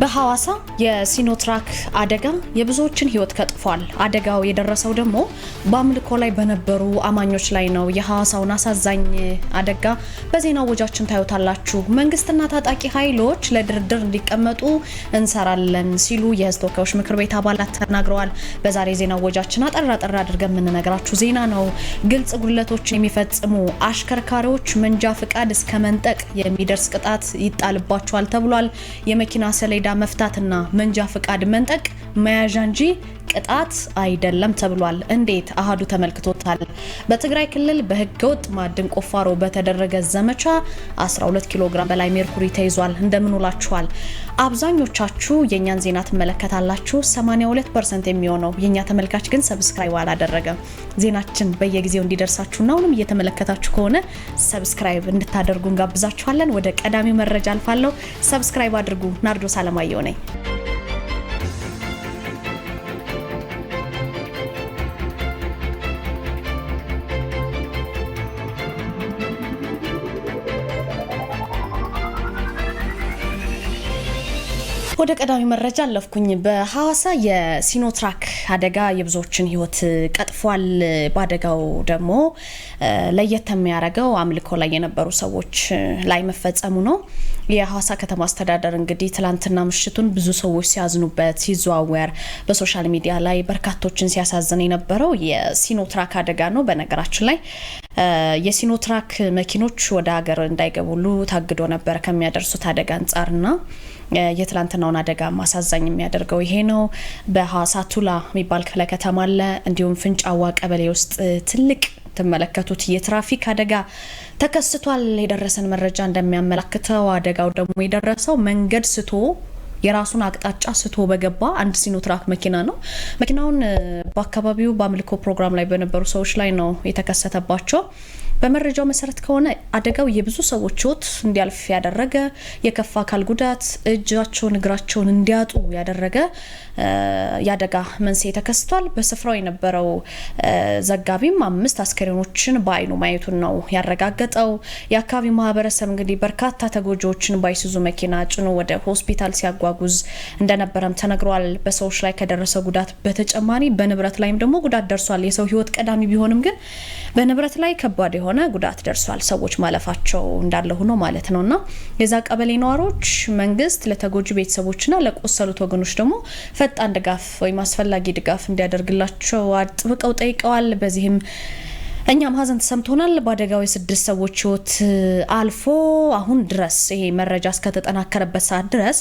በሐዋሳ የሲኖትራክ አደጋ የብዙዎችን ህይወት ከጥፏል አደጋው የደረሰው ደግሞ በአምልኮ ላይ በነበሩ አማኞች ላይ ነው። የሐዋሳውን አሳዛኝ አደጋ በዜና ወጃችን ታዩታላችሁ። መንግስትና ታጣቂ ኃይሎች ለድርድር እንዲቀመጡ እንሰራለን ሲሉ የህዝብ ተወካዮች ምክር ቤት አባላት ተናግረዋል። በዛሬ ዜና ወጃችን አጠር አጠር አድርገን የምንነግራችሁ ዜና ነው። ግልጽ ጉድለቶችን የሚፈጽሙ አሽከርካሪዎች መንጃ ፍቃድ እስከ መንጠቅ የሚደርስ ቅጣት ይጣልባቸዋል ተብሏል። የመኪና ሰሌዳ በማለዳ መፍታትና መንጃ ፈቃድ መንጠቅ መያዣ እንጂ ቅጣት አይደለም ተብሏል። እንዴት አሃዱ ተመልክቶታል። በትግራይ ክልል በህገወጥ ማዕድን ቁፋሮ በተደረገ ዘመቻ 12 ኪሎ ግራም በላይ ሜርኩሪ ተይዟል። እንደምንውላችኋል አብዛኞቻችሁ የእኛን ዜና ትመለከታላችሁ። 82 ፐርሰንት የሚሆነው የእኛ ተመልካች ግን ሰብስክራይብ አላደረገም። ዜናችን በየጊዜው እንዲደርሳችሁና አሁንም እየተመለከታችሁ ከሆነ ሰብስክራይብ እንድታደርጉ እንጋብዛችኋለን። ወደ ቀዳሚው መረጃ አልፋለሁ። ሰብስክራይብ አድርጉ። ናርዶስ አለማ አለማየሁ ነኝ። ወደ ቀዳሚ መረጃ አለፍኩኝ። በሐዋሳ የሲኖትራክ አደጋ የብዙዎችን ሕይወት ቀጥፏል። በአደጋው ደግሞ ለየት የሚያደርገው አምልኮ ላይ የነበሩ ሰዎች ላይ መፈጸሙ ነው። የሐዋሳ ከተማ አስተዳደር እንግዲህ ትላንትና ምሽቱን ብዙ ሰዎች ሲያዝኑበት ሲዘዋወር በሶሻል ሚዲያ ላይ በርካቶችን ሲያሳዝን የነበረው የሲኖትራክ አደጋ ነው። በነገራችን ላይ የሲኖትራክ መኪኖች ወደ ሀገር እንዳይገቡሉ ታግዶ ነበር ከሚያደርሱት አደጋ አንጻርና የትላንትናውን አደጋ ማሳዛኝ የሚያደርገው ይሄ ነው። በሐዋሳ ቱላ የሚባል ክፍለ ከተማ አለ። እንዲሁም ፍንጫዋ ቀበሌ ውስጥ ትልቅ የምትመለከቱት የትራፊክ አደጋ ተከስቷል። የደረሰን መረጃ እንደሚያመላክተው አደጋው ደግሞ የደረሰው መንገድ ስቶ የራሱን አቅጣጫ ስቶ በገባ አንድ ሲኖትራክ መኪና ነው። መኪናውን በአካባቢው በአምልኮ ፕሮግራም ላይ በነበሩ ሰዎች ላይ ነው የተከሰተባቸው። በመረጃው መሰረት ከሆነ አደጋው የብዙ ሰዎች ሕይወት እንዲያልፍ ያደረገ የከፋ አካል ጉዳት፣ እጃቸውን እግራቸውን እንዲያጡ ያደረገ የአደጋ መንስኤ ተከስቷል። በስፍራው የነበረው ዘጋቢም አምስት አስከሬኖችን በአይኑ ማየቱን ነው ያረጋገጠው። የአካባቢው ማህበረሰብ እንግዲህ በርካታ ተጎጂዎችን በአይሱዙ መኪና ጭኖ ወደ ሆስፒታል ሲያጓጉዝ እንደነበረም ተነግሯል። በሰዎች ላይ ከደረሰ ጉዳት በተጨማሪ በንብረት ላይም ደግሞ ጉዳት ደርሷል። የሰው ህይወት ቀዳሚ ቢሆንም ግን በንብረት ላይ ከባድ የሆነ ጉዳት ደርሷል። ሰዎች ማለፋቸው እንዳለ ሆኖ ማለት ነውና የዛ ቀበሌ ነዋሪዎች መንግስት ለተጎጂ ቤተሰቦችና ለቆሰሉት ወገኖች ደግሞ ፈጣን ድጋፍ ወይም አስፈላጊ ድጋፍ እንዲያደርግላቸው አጥብቀው ጠይቀዋል። በዚህም እኛም ሀዘን ተሰምቶናል። በአደጋው የስድስት ሰዎች ህይወት አልፎ አሁን ድረስ ይሄ መረጃ እስከተጠናከረበት ሰዓት ድረስ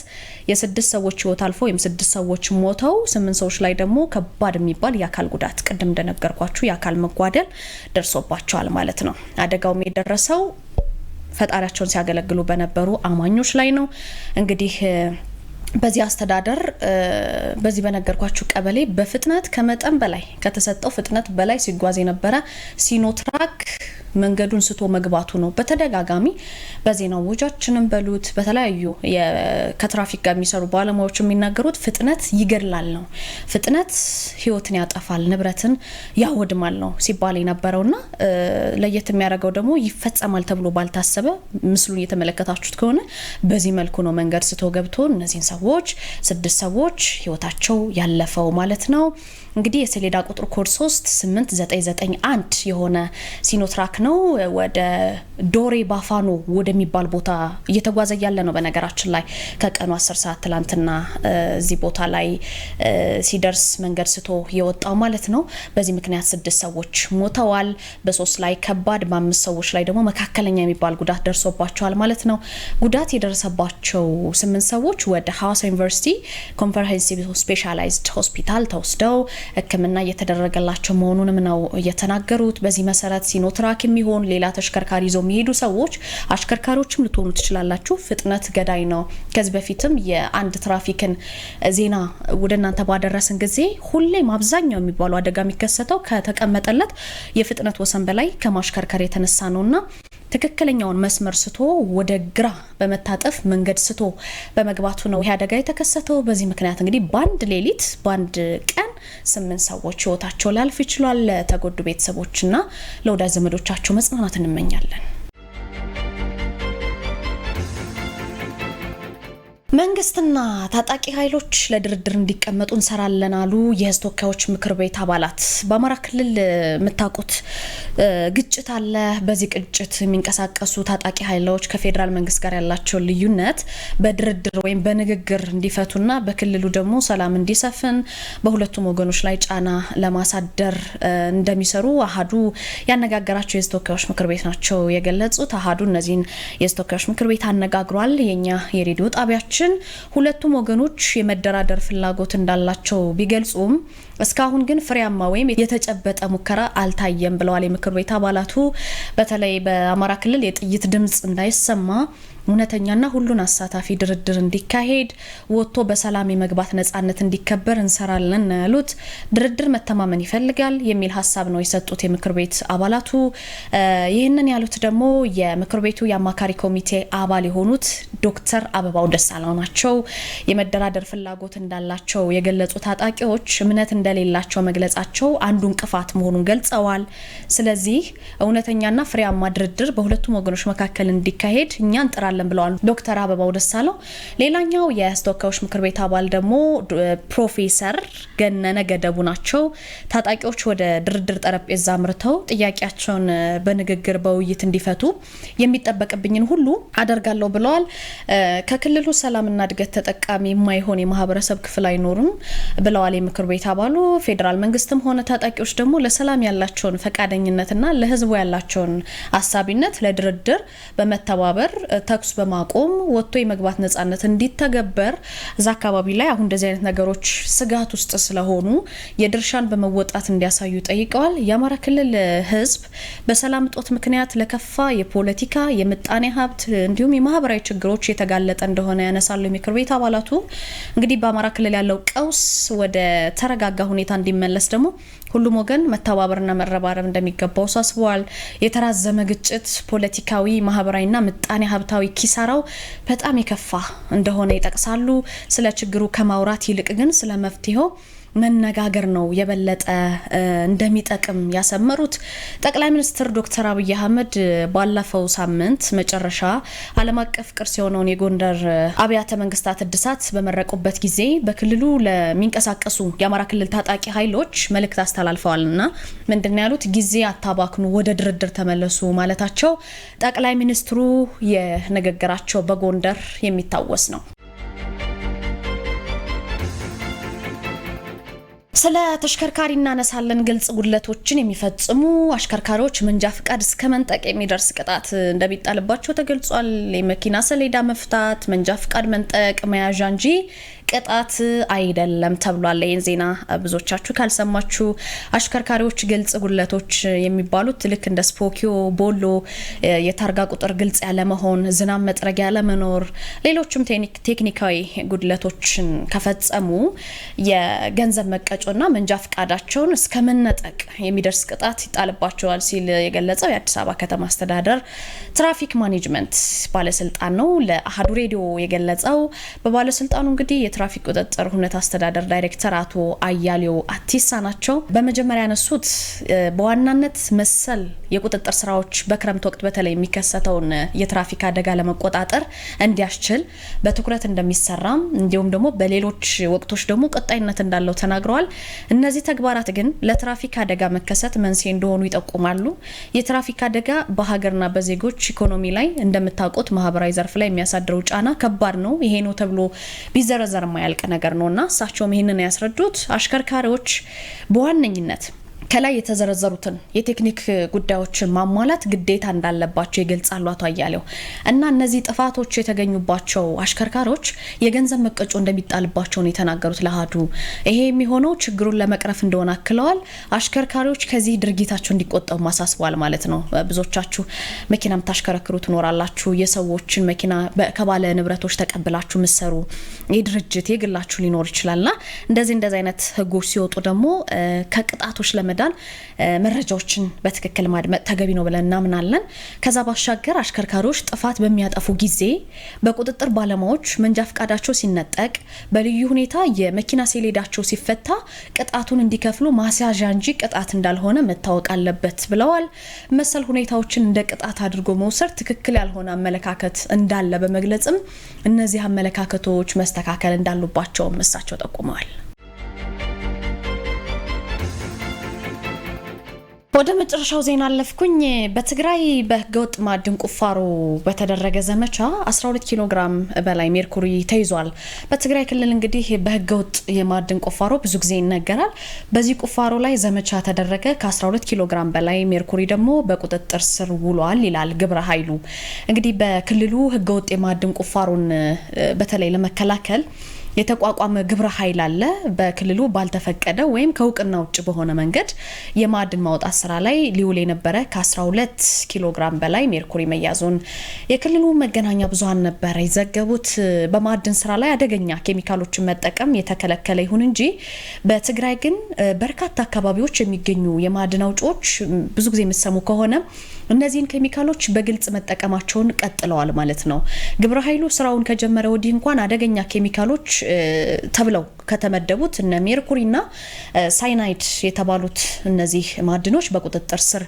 የስድስት ሰዎች ህይወት አልፎ ወይም ስድስት ሰዎች ሞተው ስምንት ሰዎች ላይ ደግሞ ከባድ የሚባል የአካል ጉዳት ቅድም እንደነገርኳችሁ የአካል መጓደል ደርሶባቸዋል ማለት ነው። አደጋውም የደረሰው ፈጣሪያቸውን ሲያገለግሉ በነበሩ አማኞች ላይ ነው እንግዲህ በዚህ አስተዳደር በዚህ በነገርኳችሁ ቀበሌ በፍጥነት ከመጠን በላይ ከተሰጠው ፍጥነት በላይ ሲጓዝ የነበረ ሲኖትራክ መንገዱን ስቶ መግባቱ ነው። በተደጋጋሚ በዜና ውጃችንም በሉት በተለያዩ ከትራፊክ ጋር የሚሰሩ ባለሙያዎች የሚናገሩት ፍጥነት ይገድላል ነው፣ ፍጥነት ህይወትን ያጠፋል፣ ንብረትን ያወድማል ነው ሲባል እና ለየት የሚያደርገው ደግሞ ይፈጸማል ተብሎ ባልታሰበ ምስሉን እየተመለከታችሁት ከሆነ በዚህ መልኩ ነው መንገድ ስቶ ገብቶ እነዚህን ሰዎች ስድስት ሰዎች ህይወታቸው ያለፈው ማለት ነው። እንግዲህ የሰሌዳ ቁጥር ኮድ 3 8991 የሆነ ሲኖትራክ ነው። ወደ ዶሬ ባፋኖ ወደሚባል ቦታ እየተጓዘ ያለ ነው። በነገራችን ላይ ከቀኑ 10 ሰዓት ትላንትና እዚህ ቦታ ላይ ሲደርስ መንገድ ስቶ የወጣው ማለት ነው። በዚህ ምክንያት ስድስት ሰዎች ሞተዋል፣ በሶስት ላይ ከባድ፣ በአምስት ሰዎች ላይ ደግሞ መካከለኛ የሚባል ጉዳት ደርሶባቸዋል ማለት ነው። ጉዳት የደረሰባቸው ስምንት ሰዎች ወደ ሀዋሳ ዩኒቨርሲቲ ኮንፈረንሲቭ ስፔሻላይዝድ ሆስፒታል ተወስደው ሕክምና እየተደረገላቸው መሆኑንም ነው የተናገሩት። በዚህ መሰረት ሲኖትራክ የሚሆን ሌላ ተሽከርካሪ ይዞ የሚሄዱ ሰዎች አሽከርካሪዎችም ልትሆኑ ትችላላችሁ። ፍጥነት ገዳይ ነው። ከዚህ በፊትም የአንድ ትራፊክን ዜና ወደ እናንተ ባደረስን ጊዜ ሁሌም አብዛኛው የሚባለው አደጋ የሚከሰተው ከተቀመጠለት የፍጥነት ወሰን በላይ ከማሽከርከር የተነሳ ነውና ትክክለኛውን መስመር ስቶ ወደ ግራ በመታጠፍ መንገድ ስቶ በመግባቱ ነው ይህ አደጋ የተከሰተው። በዚህ ምክንያት እንግዲህ በአንድ ሌሊት በአንድ ቀን ስምንት ሰዎች ህይወታቸው ሊያልፍ ይችሏል። ለተጎዱ ቤተሰቦችና ለወዳጅ ዘመዶቻቸው መጽናናት እንመኛለን። መንግስትና ታጣቂ ኃይሎች ለድርድር እንዲቀመጡ እንሰራለን አሉ የህዝብ ተወካዮች ምክር ቤት አባላት። በአማራ ክልል የምታውቁት ግጭት አለ። በዚህ ግጭት የሚንቀሳቀሱ ታጣቂ ኃይሎች ከፌዴራል መንግስት ጋር ያላቸውን ልዩነት በድርድር ወይም በንግግር እንዲፈቱና በክልሉ ደግሞ ሰላም እንዲሰፍን በሁለቱም ወገኖች ላይ ጫና ለማሳደር እንደሚሰሩ አሃዱ ያነጋገራቸው የህዝብ ተወካዮች ምክር ቤት ናቸው የገለጹት። አሃዱ እነዚህን የህዝብ ተወካዮች ምክር ቤት አነጋግሯል። የኛ የሬዲዮ ጣቢያችን ዜናዎችን ሁለቱም ወገኖች የመደራደር ፍላጎት እንዳላቸው ቢገልጹም እስካሁን ግን ፍሬያማ ወይም የተጨበጠ ሙከራ አልታየም ብለዋል የምክር ቤት አባላቱ። በተለይ በአማራ ክልል የጥይት ድምፅ እንዳይሰማ እውነተኛና ሁሉን አሳታፊ ድርድር እንዲካሄድ ወጥቶ በሰላም የመግባት ነጻነት እንዲከበር እንሰራለን ያሉት። ድርድር መተማመን ይፈልጋል የሚል ሀሳብ ነው የሰጡት የምክር ቤት አባላቱ። ይህንን ያሉት ደግሞ የምክር ቤቱ የአማካሪ ኮሚቴ አባል የሆኑት ዶክተር አበባው ደሳላው ናቸው። የመደራደር ፍላጎት እንዳላቸው የገለጹ ታጣቂዎች እምነት እንደሌላቸው መግለጻቸው አንዱ እንቅፋት መሆኑን ገልጸዋል። ስለዚህ እውነተኛና ፍሬያማ ድርድር በሁለቱም ወገኖች መካከል እንዲካሄድ እኛ እንጥራለን እናደርጋለን ብለዋል ዶክተር አበባው ደሳለው። ሌላኛው የህዝብ ምክር ቤት አባል ደግሞ ፕሮፌሰር ገነነ ገደቡ ናቸው። ታጣቂዎች ወደ ድርድር ጠረጴዛ አምርተው ጥያቄያቸውን በንግግር በውይይት እንዲፈቱ የሚጠበቅብኝን ሁሉ አደርጋለሁ ብለዋል። ከክልሉ ሰላምና እድገት ተጠቃሚ የማይሆን የማህበረሰብ ክፍል አይኖሩም ብለዋል የምክር ቤት አባሉ። ፌዴራል መንግስትም ሆነ ታጣቂዎች ደግሞ ለሰላም ያላቸውን ፈቃደኝነትና ለህዝቡ ያላቸውን አሳቢነት ለድርድር በመተባበር ተኩስ ተኩስ በማቆም ወጥቶ የመግባት ነጻነት እንዲተገበር እዛ አካባቢ ላይ አሁን እንደዚህ አይነት ነገሮች ስጋት ውስጥ ስለሆኑ የድርሻን በመወጣት እንዲያሳዩ ጠይቀዋል። የአማራ ክልል ህዝብ በሰላም እጦት ምክንያት ለከፋ የፖለቲካ የምጣኔ ሀብት እንዲሁም የማህበራዊ ችግሮች የተጋለጠ እንደሆነ ያነሳሉ የምክር ቤት አባላቱ። እንግዲህ በአማራ ክልል ያለው ቀውስ ወደ ተረጋጋ ሁኔታ እንዲመለስ ደግሞ ሁሉም ወገን መተባበርና መረባረብ እንደሚገባው አሳስበዋል። የተራዘመ ግጭት ፖለቲካዊ፣ ማህበራዊና ምጣኔ ሀብታዊ ኪሳራው በጣም የከፋ እንደሆነ ይጠቅሳሉ። ስለ ችግሩ ከማውራት ይልቅ ግን ስለ መፍትሄው መነጋገር ነው የበለጠ እንደሚጠቅም ያሰመሩት ጠቅላይ ሚኒስትር ዶክተር አብይ አህመድ ባለፈው ሳምንት መጨረሻ ዓለም አቀፍ ቅርስ የሆነውን የጎንደር አብያተ መንግስታት እድሳት በመረቁበት ጊዜ በክልሉ ለሚንቀሳቀሱ የአማራ ክልል ታጣቂ ኃይሎች መልእክት አስተላልፈዋል እና ምንድን ያሉት ጊዜ አታባክኑ፣ ወደ ድርድር ተመለሱ ማለታቸው ጠቅላይ ሚኒስትሩ የንግግራቸው በጎንደር የሚታወስ ነው። ስለ ተሽከርካሪ እናነሳለን። ግልጽ ጉድለቶችን የሚፈጽሙ አሽከርካሪዎች መንጃ ፍቃድ እስከ መንጠቅ የሚደርስ ቅጣት እንደሚጣልባቸው ተገልጿል። የመኪና ሰሌዳ መፍታት፣ መንጃ ፍቃድ መንጠቅ፣ መያዣ እንጂ ቅጣት አይደለም ተብሏል። ይህን ዜና ብዙዎቻችሁ ካልሰማችሁ አሽከርካሪዎች ግልጽ ጉለቶች የሚባሉት ልክ እንደ ስፖኪዮ ቦሎ፣ የታርጋ ቁጥር ግልጽ ያለመሆን፣ ዝናብ መጥረግ ያለመኖር፣ ሌሎችም ቴክኒካዊ ጉድለቶችን ከፈጸሙ የገንዘብ መቀጮና መንጃ ፍቃዳቸውን እስከ መነጠቅ የሚደርስ ቅጣት ይጣልባቸዋል ሲል የገለጸው የአዲስ አበባ ከተማ አስተዳደር ትራፊክ ማኔጅመንት ባለስልጣን ነው። ለአህዱ ሬዲዮ የገለጸው በባለስልጣኑ እንግዲህ የትራፊክ ቁጥጥር ሁነት አስተዳደር ዳይሬክተር አቶ አያሌው አቲሳ ናቸው። በመጀመሪያ ያነሱት በዋናነት መሰል የቁጥጥር ስራዎች በክረምት ወቅት በተለይ የሚከሰተውን የትራፊክ አደጋ ለመቆጣጠር እንዲያስችል በትኩረት እንደሚሰራም እንዲሁም ደግሞ በሌሎች ወቅቶች ደግሞ ቀጣይነት እንዳለው ተናግረዋል። እነዚህ ተግባራት ግን ለትራፊክ አደጋ መከሰት መንስኤ እንደሆኑ ይጠቁማሉ። የትራፊክ አደጋ በሀገርና በዜጎች ኢኮኖሚ ላይ እንደምታውቁት ማህበራዊ ዘርፍ ላይ የሚያሳድረው ጫና ከባድ ነው። ይሄ ነው ተብሎ ቢዘረዘር የማያልቅ ነገር ነው እና እሳቸውም ይህንን ያስረዱት አሽከርካሪዎች በዋነኝነት ከላይ የተዘረዘሩትን የቴክኒክ ጉዳዮችን ማሟላት ግዴታ እንዳለባቸው ይገልጻሉ አቶ አያሌው። እና እነዚህ ጥፋቶች የተገኙባቸው አሽከርካሪዎች የገንዘብ መቀጮ እንደሚጣልባቸው ነው የተናገሩት ለአሀዱ። ይሄ የሚሆነው ችግሩን ለመቅረፍ እንደሆነ አክለዋል። አሽከርካሪዎች ከዚህ ድርጊታቸው እንዲቆጠቡ ማሳስበዋል ማለት ነው። ብዙዎቻችሁ መኪና የምታሽከረክሩ ትኖራላችሁ። የሰዎችን መኪና ከባለ ንብረቶች ተቀብላችሁ ምሰሩ የድርጅት የግላችሁ ሊኖር ይችላልና እንደዚህ እንደዚህ አይነት ህጎች ሲወጡ ደግሞ ከቅጣቶች ለመ ይረዳል። መረጃዎችን በትክክል ማድመጥ ተገቢ ነው ብለን እናምናለን። ከዛ ባሻገር አሽከርካሪዎች ጥፋት በሚያጠፉ ጊዜ በቁጥጥር ባለሙያዎች መንጃ ፈቃዳቸው ሲነጠቅ፣ በልዩ ሁኔታ የመኪና ሰሌዳቸው ሲፈታ ቅጣቱን እንዲከፍሉ ማስያዣ እንጂ ቅጣት እንዳልሆነ መታወቅ አለበት ብለዋል። መሰል ሁኔታዎችን እንደ ቅጣት አድርጎ መውሰድ ትክክል ያልሆነ አመለካከት እንዳለ በመግለጽም እነዚህ አመለካከቶች መስተካከል እንዳሉባቸውም እሳቸው ጠቁመዋል። ወደ መጨረሻው ዜና አለፍኩኝ። በትግራይ በህገወጥ ማዕድን ቁፋሮ በተደረገ ዘመቻ 12 ኪሎ ግራም በላይ ሜርኩሪ ተይዟል። በትግራይ ክልል እንግዲህ በህገወጥ የማዕድን ቁፋሮ ብዙ ጊዜ ይነገራል። በዚህ ቁፋሮ ላይ ዘመቻ ተደረገ። ከ12 ኪሎ ግራም በላይ ሜርኩሪ ደግሞ በቁጥጥር ስር ውሏል ይላል ግብረ ኃይሉ። እንግዲህ በክልሉ ህገወጥ የማዕድን ቁፋሮን በተለይ ለመከላከል የተቋቋመ ግብረ ኃይል አለ። በክልሉ ባልተፈቀደ ወይም ከእውቅና ውጭ በሆነ መንገድ የማዕድን ማውጣት ስራ ላይ ሊውል የነበረ ከ12 ኪሎ ግራም በላይ ሜርኩሪ መያዙን የክልሉ መገናኛ ብዙሃን ነበረ የዘገቡት። በማዕድን ስራ ላይ አደገኛ ኬሚካሎችን መጠቀም የተከለከለ ይሁን እንጂ በትግራይ ግን በርካታ አካባቢዎች የሚገኙ የማዕድን አውጪዎች ብዙ ጊዜ የምትሰሙ ከሆነ እነዚህን ኬሚካሎች በግልጽ መጠቀማቸውን ቀጥለዋል ማለት ነው። ግብረ ኃይሉ ስራውን ከጀመረ ወዲህ እንኳን አደገኛ ኬሚካሎች ተብለው ከተመደቡት እነ ሜርኩሪና ሳይናይድ የተባሉት እነዚህ ማዕድኖች በቁጥጥር ስር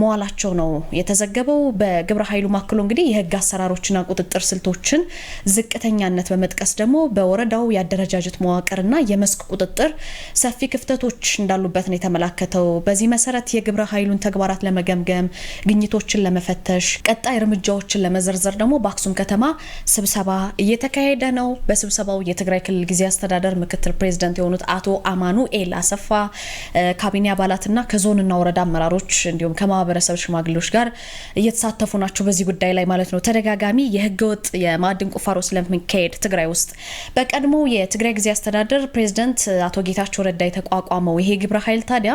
መዋላቸው ነው የተዘገበው። በግብረ ኃይሉ ማክሎ እንግዲህ የህግ አሰራሮችና ቁጥጥር ስልቶችን ዝቅተኛነት በመጥቀስ ደግሞ በወረዳው የአደረጃጀት መዋቅርና የመስክ ቁጥጥር ሰፊ ክፍተቶች እንዳሉበት ነው የተመላከተው። በዚህ መሰረት የግብረ ኃይሉን ተግባራት ለመገምገም፣ ግኝቶችን ለመፈተሽ፣ ቀጣይ እርምጃዎችን ለመዘርዘር ደግሞ በአክሱም ከተማ ስብሰባ እየተካሄደ ነው። በስብሰባው የትግራይ ክልል ጊዜ አስተዳደር ምክትል ምክትል ፕሬዚደንት የሆኑት አቶ አማኑኤል አሰፋ ካቢኔ አባላትና ከዞንና ወረዳ አመራሮች እንዲሁም ከማህበረሰብ ሽማግሌዎች ጋር እየተሳተፉ ናቸው በዚህ ጉዳይ ላይ ማለት ነው። ተደጋጋሚ የህገወጥ የማዕድን ቁፋሮ ስለሚካሄድ ትግራይ ውስጥ በቀድሞ የትግራይ ጊዜ አስተዳደር ፕሬዚደንት አቶ ጌታቸው ረዳ የተቋቋመው ይሄ ግብረ ኃይል ታዲያ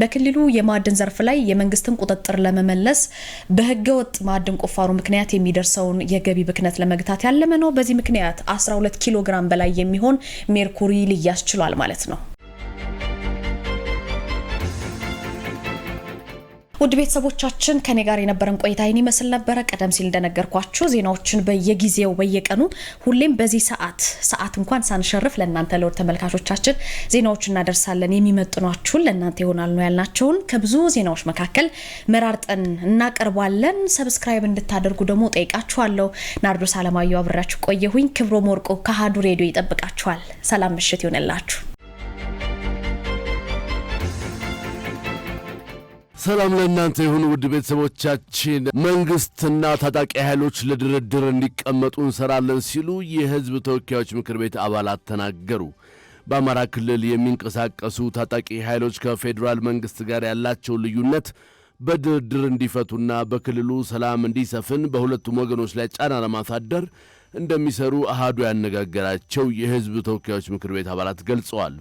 በክልሉ የማዕድን ዘርፍ ላይ የመንግስትን ቁጥጥር ለመመለስ በህገ ወጥ ማዕድን ቁፋሮ ምክንያት የሚደርሰውን የገቢ ብክነት ለመግታት ያለመ ነው። በዚህ ምክንያት 12 ኪሎ ግራም በላይ የሚሆን ሜርኩሪ ልያስችሏል ማለት ነው። ውድ ቤተሰቦቻችን ከኔ ጋር የነበረን ቆይታ ይህን ይመስል ነበረ። ቀደም ሲል እንደነገርኳችሁ ዜናዎችን በየጊዜው በየቀኑ ሁሌም በዚህ ሰዓት ሰዓት እንኳን ሳንሸርፍ ለእናንተ ለውድ ተመልካቾቻችን ዜናዎች እናደርሳለን። የሚመጥኗችሁን ለእናንተ ይሆናል ነው ያልናቸውን ከብዙ ዜናዎች መካከል መራርጠን እናቀርባለን። ሰብስክራይብ እንድታደርጉ ደግሞ ጠይቃችኋለሁ። ናርዶስ አለማየሁ አብሬያችሁ ቆየሁኝ። ክብሮ ወርቆ ከአሀዱ ሬዲዮ ይጠብቃችኋል። ሰላም ምሽት ይሆንላችሁ። ሰላም ለእናንተ የሆኑ ውድ ቤተሰቦቻችን፣ መንግስትና ታጣቂ ኃይሎች ለድርድር እንዲቀመጡ እንሰራለን ሲሉ የህዝብ ተወካዮች ምክር ቤት አባላት ተናገሩ። በአማራ ክልል የሚንቀሳቀሱ ታጣቂ ኃይሎች ከፌዴራል መንግስት ጋር ያላቸው ልዩነት በድርድር እንዲፈቱና በክልሉ ሰላም እንዲሰፍን በሁለቱም ወገኖች ላይ ጫና ለማሳደር እንደሚሰሩ አሃዱ ያነጋገራቸው የህዝብ ተወካዮች ምክር ቤት አባላት ገልጸዋል።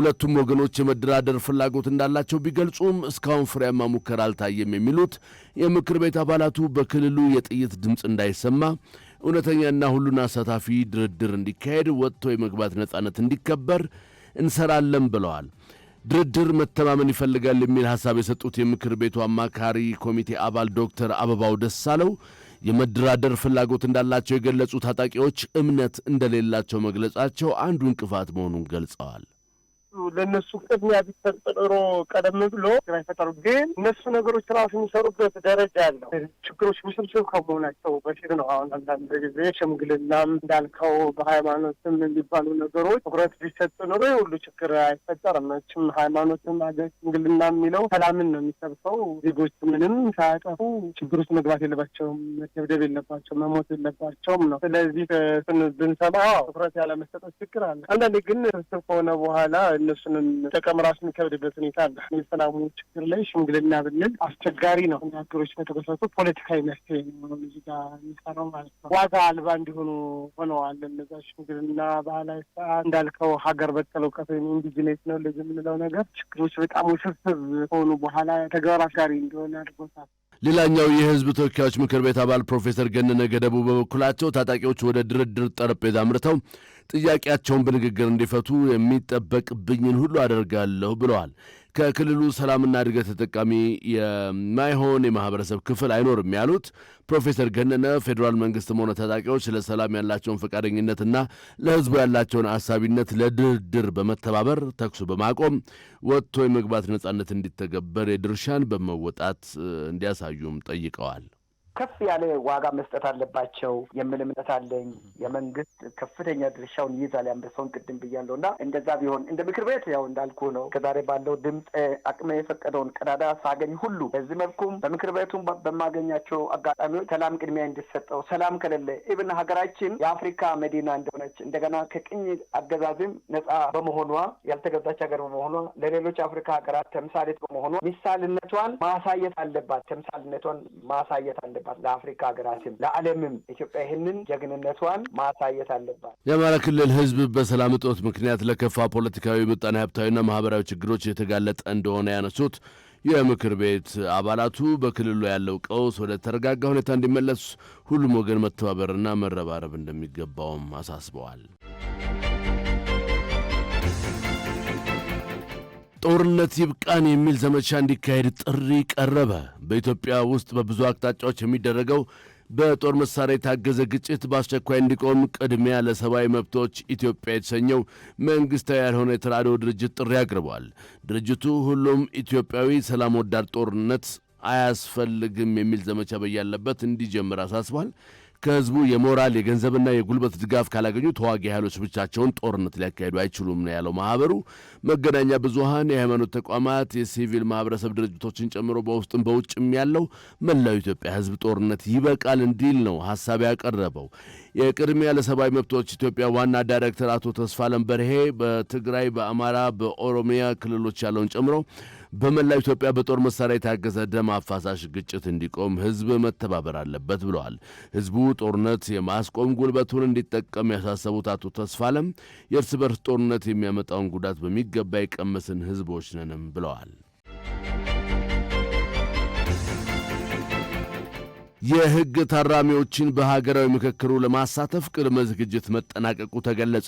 ሁለቱም ወገኖች የመደራደር ፍላጎት እንዳላቸው ቢገልጹም እስካሁን ፍሬያማ ሙከራ አልታየም የሚሉት የምክር ቤት አባላቱ በክልሉ የጥይት ድምፅ እንዳይሰማ እውነተኛና ሁሉን አሳታፊ ድርድር እንዲካሄድ ወጥቶ የመግባት ነጻነት እንዲከበር እንሰራለን ብለዋል። ድርድር መተማመን ይፈልጋል የሚል ሐሳብ የሰጡት የምክር ቤቱ አማካሪ ኮሚቴ አባል ዶክተር አበባው ደሳለው የመደራደር ፍላጎት እንዳላቸው የገለጹ ታጣቂዎች እምነት እንደሌላቸው መግለጻቸው አንዱ እንቅፋት መሆኑን ገልጸዋል። ለእነሱ ቅድሚያ ቢሰጥ ኖሮ ቀደም ብሎ ግራ ይፈጠሩ። ግን እነሱ ነገሮች ራሱ የሚሰሩበት ደረጃ ያለው ችግሮች ውስብስብ ከመሆናቸው በፊት ነው። አሁን አንዳንድ ጊዜ ሽምግልናም እንዳልከው በሃይማኖትም የሚባሉ ነገሮች ትኩረት ቢሰጥ ኖሮ የሁሉ ችግር አይፈጠርም። መቼም ሃይማኖትም ሀገር ሽምግልና የሚለው ሰላምን ነው የሚሰብሰው። ዜጎች ምንም ሳያጠፉ ችግር ውስጥ መግባት የለባቸውም፣ መደብደብ የለባቸውም፣ መሞት የለባቸውም ነው። ስለዚህ ብንሰማ ትኩረት ያለመሰጠት ችግር አለ። አንዳንዴ ግን ስብስብ ከሆነ በኋላ እነሱንም ጥቅም ራሱ የሚከብድበት ሁኔታ አለ። የሰላሙ ችግር ላይ ሽምግልና ብንል አስቸጋሪ ነው። ሀገሮች ከተከሰቱ ፖለቲካዊ መፍትሄ የሚሆነው እዚህ ጋር የሚሰራው ማለት ነው። ዋጋ አልባ እንዲሆኑ ሆነዋል። እነዛ ሽምግልና ባህላዊ ስርዓት እንዳልከው ሀገር በቀል እውቀት ወይም ኢንዲጂኔት ነው ለዚህ የምንለው ነገር ችግሮች በጣም ውስብስብ ከሆኑ በኋላ ተግባራት ጋር እንዲሆን አድርጎታል። ሌላኛው የህዝብ ተወካዮች ምክር ቤት አባል ፕሮፌሰር ገነነ ገደቡ በበኩላቸው ታጣቂዎች ወደ ድርድር ጠረጴዛ አምርተው ጥያቄያቸውን በንግግር እንዲፈቱ የሚጠበቅብኝን ሁሉ አደርጋለሁ ብለዋል። ከክልሉ ሰላምና እድገት ተጠቃሚ የማይሆን የማህበረሰብ ክፍል አይኖርም ያሉት ፕሮፌሰር ገነነ ፌዴራል መንግስትም ሆነ ታጣቂዎች ለሰላም ያላቸውን ፈቃደኝነትና ለህዝቡ ያላቸውን አሳቢነት ለድርድር በመተባበር ተኩሱ በማቆም ወጥቶ የመግባት ነጻነት እንዲተገበር የድርሻን በመወጣት እንዲያሳዩም ጠይቀዋል። ከፍ ያለ ዋጋ መስጠት አለባቸው የሚል እምነት አለኝ። የመንግስት ከፍተኛ ድርሻውን ይይዛል። ያንበሳውን ቅድም ብያለሁ እና እንደዛ ቢሆን እንደ ምክር ቤት ያው እንዳልኩ ነው። ከዛሬ ባለው ድምፅ አቅሜ የፈቀደውን ቀዳዳ ሳገኝ ሁሉ በዚህ መልኩም በምክር ቤቱም በማገኛቸው አጋጣሚዎች ሰላም ቅድሚያ እንዲሰጠው፣ ሰላም ከሌለ ኢብን ሀገራችን የአፍሪካ መዲና እንደሆነች እንደገና ከቅኝ አገዛዝም ነፃ በመሆኗ ያልተገዛች ሀገር በመሆኗ ለሌሎች አፍሪካ ሀገራት ተምሳሌት በመሆኗ ምሳሌነቷን ማሳየት አለባት። ተምሳሌነቷን ማሳየት አለባት። አለባት። ለአፍሪካ ሀገራትም ለዓለምም ኢትዮጵያ ይህንን ጀግንነቷን ማሳየት አለባት። የአማራ ክልል ህዝብ በሰላም እጦት ምክንያት ለከፋ ፖለቲካዊ፣ ምጣኔ ሀብታዊና ማህበራዊ ችግሮች የተጋለጠ እንደሆነ ያነሱት የምክር ቤት አባላቱ በክልሉ ያለው ቀውስ ወደ ተረጋጋ ሁኔታ እንዲመለስ ሁሉም ወገን መተባበርና መረባረብ እንደሚገባውም አሳስበዋል። ጦርነት ይብቃን የሚል ዘመቻ እንዲካሄድ ጥሪ ቀረበ። በኢትዮጵያ ውስጥ በብዙ አቅጣጫዎች የሚደረገው በጦር መሳሪያ የታገዘ ግጭት በአስቸኳይ እንዲቆም ቅድሚያ ለሰብአዊ መብቶች ኢትዮጵያ የተሰኘው መንግስታዊ ያልሆነ የተራድኦ ድርጅት ጥሪ አቅርቧል። ድርጅቱ ሁሉም ኢትዮጵያዊ ሰላም ወዳድ ጦርነት አያስፈልግም የሚል ዘመቻ በያለበት እንዲጀምር አሳስቧል። ከህዝቡ የሞራል የገንዘብና የጉልበት ድጋፍ ካላገኙ ተዋጊ ኃይሎች ብቻቸውን ጦርነት ሊያካሄዱ አይችሉም ነው ያለው ማህበሩ። መገናኛ ብዙሃን፣ የሃይማኖት ተቋማት፣ የሲቪል ማህበረሰብ ድርጅቶችን ጨምሮ በውስጥም በውጭም ያለው መላው ኢትዮጵያ ህዝብ ጦርነት ይበቃል እንዲል ነው ሀሳብ ያቀረበው። የቅድሚያ ለሰብአዊ መብቶች ኢትዮጵያ ዋና ዳይሬክተር አቶ ተስፋለም በርሄ በትግራይ፣ በአማራ፣ በኦሮሚያ ክልሎች ያለውን ጨምሮ በመላው ኢትዮጵያ በጦር መሳሪያ የታገዘ ደም አፋሳሽ ግጭት እንዲቆም ህዝብ መተባበር አለበት ብለዋል። ህዝቡ ጦርነት የማስቆም ጉልበቱን እንዲጠቀም ያሳሰቡት አቶ ተስፋለም የእርስ በርስ ጦርነት የሚያመጣውን ጉዳት በሚገባ የቀመስን ህዝቦች ነንም ብለዋል። የሕግ ታራሚዎችን በሀገራዊ ምክክሩ ለማሳተፍ ቅድመ ዝግጅት መጠናቀቁ ተገለጸ።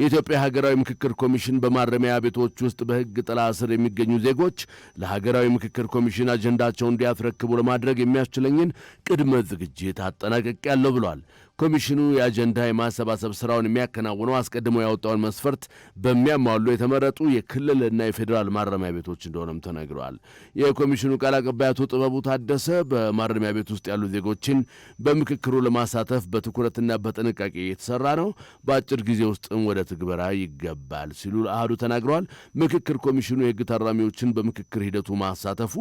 የኢትዮጵያ ሀገራዊ ምክክር ኮሚሽን በማረሚያ ቤቶች ውስጥ በሕግ ጥላ ስር የሚገኙ ዜጎች ለሀገራዊ ምክክር ኮሚሽን አጀንዳቸውን እንዲያስረክቡ ለማድረግ የሚያስችለኝን ቅድመ ዝግጅት አጠናቀቅ ያለው ብሏል። ኮሚሽኑ የአጀንዳ የማሰባሰብ ስራውን የሚያከናውነው አስቀድሞ ያወጣውን መስፈርት በሚያሟሉ የተመረጡ የክልልና የፌዴራል ማረሚያ ቤቶች እንደሆነም ተነግረዋል። የኮሚሽኑ ቃል አቀባይ አቶ ጥበቡ ታደሰ በማረሚያ ቤት ውስጥ ያሉ ዜጎችን በምክክሩ ለማሳተፍ በትኩረትና በጥንቃቄ የተሰራ ነው፣ በአጭር ጊዜ ውስጥም ወደ ትግበራ ይገባል ሲሉ አህዱ ተናግረዋል። ምክክር ኮሚሽኑ የህግ ታራሚዎችን በምክክር ሂደቱ ማሳተፉ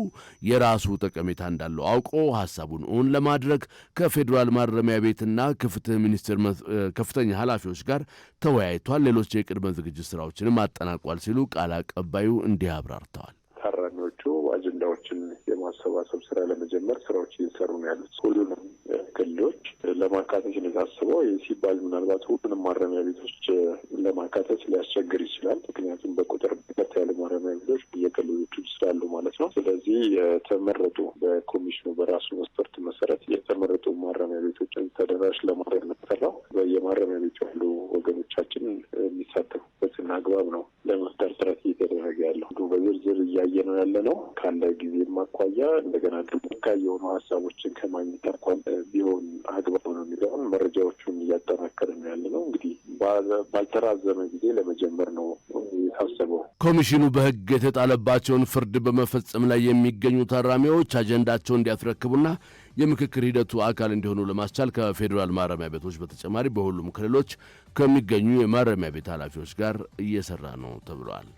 የራሱ ጠቀሜታ እንዳለው አውቆ ሀሳቡን እውን ለማድረግ ከፌዴራል ማረሚያ ቤትና ከፍትህ ሚኒስቴር ከፍተኛ ኃላፊዎች ጋር ተወያይቷል። ሌሎች የቅድመ ዝግጅት ስራዎችንም አጠናቋል ሲሉ ቃል አቀባዩ እንዲህ አብራርተዋል። ታራሚዎቹ አጀንዳዎችን የማሰባሰብ ስራ ለመጀመር ስራዎች እየሰሩ ነው ያሉት። ሁሉንም ክልሎች ለማካተት የታስበው ሲባል ምናልባት ሁሉንም ማረሚያ ቤቶች ለማካተት ሊያስቸግር ይችላል። ምክንያቱም በቁጥር በርከት ያሉ ማረሚያ ቤቶች በየክልሎቹ ስላሉ ማለት ነው። ስለዚህ የተመረጡ በኮሚሽኑ በራሱ መስፈርት መሰረት የተመረጡ ማረሚያ ቤቶችን ተደራሽ ለማድረግ ነው በየማረሚያ ቤት ያሉ ወገኖቻችን የሚሳተፉበትን አግባብ ነው ለመፍጠር ጥረት እየተደረገ ያለው። በዝርዝር እያየ ነው ያለ ነው ካለ ጊዜም አኳያ እንደገና ደግሞ የሆኑ ሀሳቦችን ከማግኘት አኳያ ቢሆን አግባብ ነው የሚለውን መረጃዎቹን እያጠናከረ ነው ያለ ነው። እንግዲህ ባልተራዘመ ጊዜ ለመጀመር ነው የታሰበው። ኮሚሽኑ በህግ የተጣለባቸውን ፍርድ በመፈጸም ላይ የሚገኙ ታራሚዎች አጀንዳቸውን እንዲያስረክቡና የምክክር ሂደቱ አካል እንዲሆኑ ለማስቻል ከፌዴራል ማረሚያ ቤቶች በተጨማሪ በሁሉም ክልሎች ከሚገኙ የማረሚያ ቤት ኃላፊዎች ጋር እየሰራ ነው ተብሏል።